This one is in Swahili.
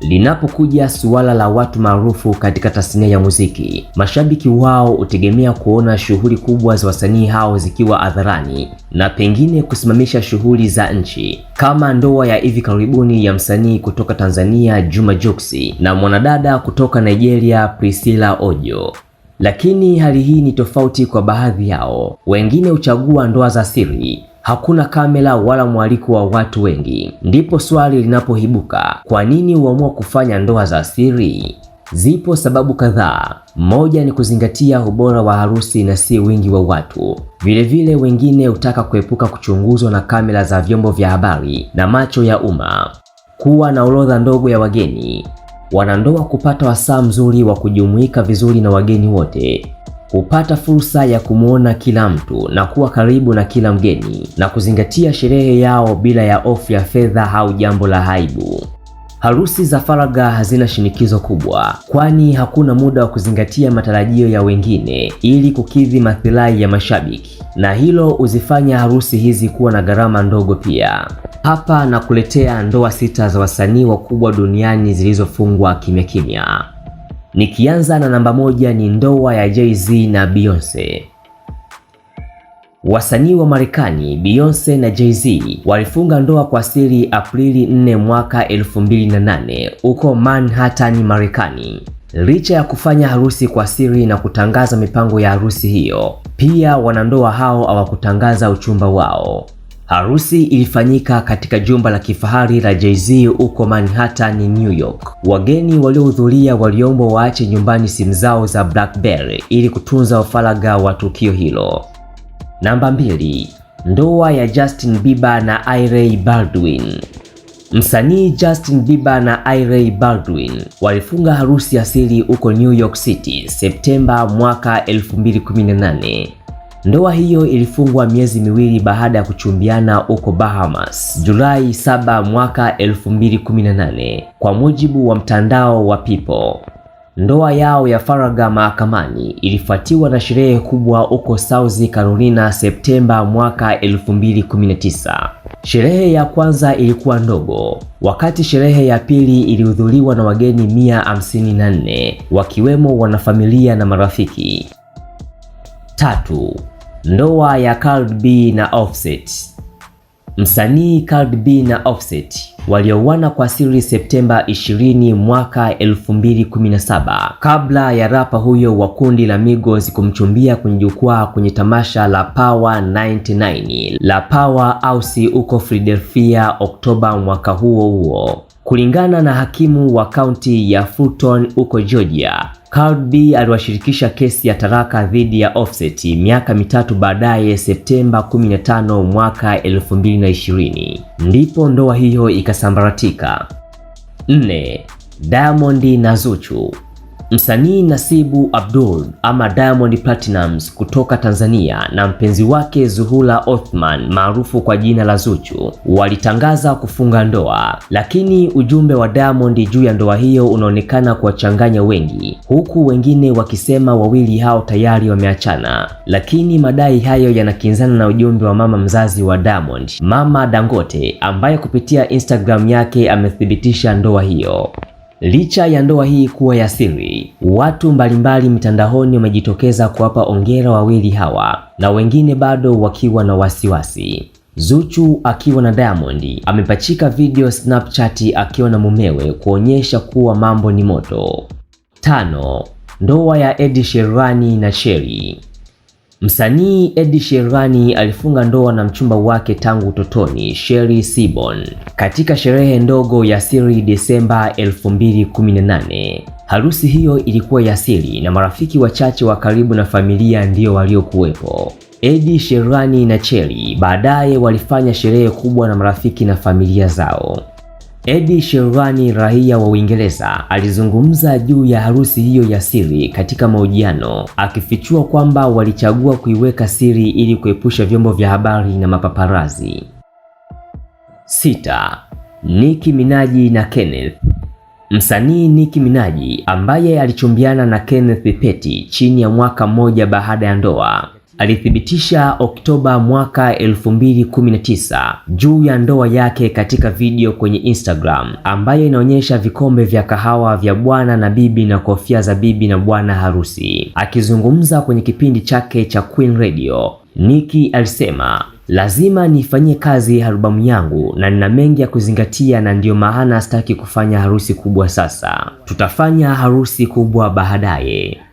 Linapokuja suala la watu maarufu katika tasnia ya muziki, mashabiki wao hutegemea kuona shughuli kubwa za wasanii hao zikiwa hadharani na pengine kusimamisha shughuli za nchi, kama ndoa ya hivi karibuni ya msanii kutoka Tanzania Juma Jux na mwanadada kutoka Nigeria Priscilla Ojo. Lakini hali hii ni tofauti kwa baadhi yao. Wengine huchagua ndoa za siri hakuna kamera wala mwaliko wa watu wengi. Ndipo swali linapoibuka, kwa nini huamua kufanya ndoa za siri? Zipo sababu kadhaa. Moja ni kuzingatia ubora wa harusi na si wingi wa watu. Vilevile vile wengine hutaka kuepuka kuchunguzwa na kamera za vyombo vya habari na macho ya umma. Kuwa na orodha ndogo ya wageni. Wanandoa kupata wasaa mzuri wa kujumuika vizuri na wageni wote hupata fursa ya kumwona kila mtu na kuwa karibu na kila mgeni na kuzingatia sherehe yao bila ya ofu ya fedha au jambo la aibu. Harusi za faragha hazina shinikizo kubwa, kwani hakuna muda wa kuzingatia matarajio ya wengine ili kukidhi maslahi ya mashabiki, na hilo huzifanya harusi hizi kuwa na gharama ndogo pia. Hapa nakuletea ndoa sita za wasanii wakubwa duniani zilizofungwa kimya kimya. Nikianza na namba moja ni ndoa ya Jay-Z na Beyonce. Wasanii wa Marekani Beyonce na Jay-Z walifunga ndoa kwa siri Aprili 4 mwaka 2008 huko Manhattan, Marekani. Licha ya kufanya harusi kwa siri na kutangaza mipango ya harusi hiyo, pia wanandoa hao hawakutangaza uchumba wao. Harusi ilifanyika katika jumba la kifahari la Jay-Z huko Manhattan, New York. Wageni waliohudhuria waliombwa waache nyumbani simu zao za BlackBerry ili kutunza ufaragha wa tukio hilo. Namba mbili, ndoa ya Justin Bieber na Hailey Baldwin. Msanii Justin Bieber na Hailey Baldwin walifunga harusi asili huko New York City Septemba mwaka 2018. Ndoa hiyo ilifungwa miezi miwili baada ya kuchumbiana huko Bahamas, Julai 7 mwaka 2018, kwa mujibu wa mtandao wa People. Ndoa yao ya faragha mahakamani ilifuatiwa na sherehe kubwa huko South Carolina Septemba mwaka 2019. Sherehe ya kwanza ilikuwa ndogo, wakati sherehe ya pili ilihudhuriwa na wageni 154 wakiwemo wanafamilia na marafiki. Tatu, ndoa ya Cardi B na Offset. Msanii Cardi B na Offset walioana kwa siri Septemba 20 mwaka 2017 kabla ya rapa huyo wa kundi la Migos kumchumbia kwenye jukwaa kwenye tamasha la Power 99 la Power House huko Philadelphia Oktoba mwaka huo huo. Kulingana na hakimu wa kaunti ya Fulton huko Georgia, Cardi B aliwashirikisha kesi ya taraka dhidi ya Offset miaka mitatu baadaye, Septemba 15 mwaka 2020, ndipo ndoa hiyo ikasambaratika. 4. Diamond na Zuchu Msanii Nasibu Abdul ama Diamond Platnumz kutoka Tanzania na mpenzi wake Zuhura Othman maarufu kwa jina la Zuchu walitangaza kufunga ndoa, lakini ujumbe wa Diamond juu ya ndoa hiyo unaonekana kuwachanganya wengi, huku wengine wakisema wawili hao tayari wameachana. Lakini madai hayo yanakinzana na ujumbe wa mama mzazi wa Diamond, Mama Dangote, ambaye kupitia Instagram yake amethibitisha ndoa hiyo. Licha ya ndoa hii kuwa ya siri, watu mbalimbali mitandaoni wamejitokeza kuwapa ongera wawili hawa na wengine bado wakiwa na wasiwasi. Zuchu akiwa na Diamond amepachika video Snapchat akiwa na mumewe kuonyesha kuwa mambo ni moto. Tano, ndoa ya Ed Sheeran na Cherry. Msanii Edi Sherani alifunga ndoa na mchumba wake tangu utotoni, Sherry Sibon, katika sherehe ndogo ya siri Desemba 2018. Harusi hiyo ilikuwa ya siri na marafiki wachache wa karibu na familia ndiyo waliokuwepo. Edi Sherani na Cherry baadaye walifanya sherehe kubwa na marafiki na familia zao. Edi Sherwani raia wa Uingereza, alizungumza juu ya harusi hiyo ya siri katika mahojiano, akifichua kwamba walichagua kuiweka siri ili kuepusha vyombo vya habari na mapaparazi. Sita. Nicki Minaji na Kenneth. Msanii Nicki Minaji ambaye alichumbiana na Kenneth Petty chini ya mwaka mmoja baada ya ndoa alithibitisha Oktoba mwaka 2019 juu ya ndoa yake katika video kwenye Instagram ambayo inaonyesha vikombe vya kahawa vya bwana na bibi na kofia za bibi na bwana harusi. Akizungumza kwenye kipindi chake cha Queen Radio, Nikki alisema Lazima nifanyie kazi albamu yangu na nina mengi ya kuzingatia, na ndiyo maana sitaki kufanya harusi kubwa sasa. Tutafanya harusi kubwa baadaye.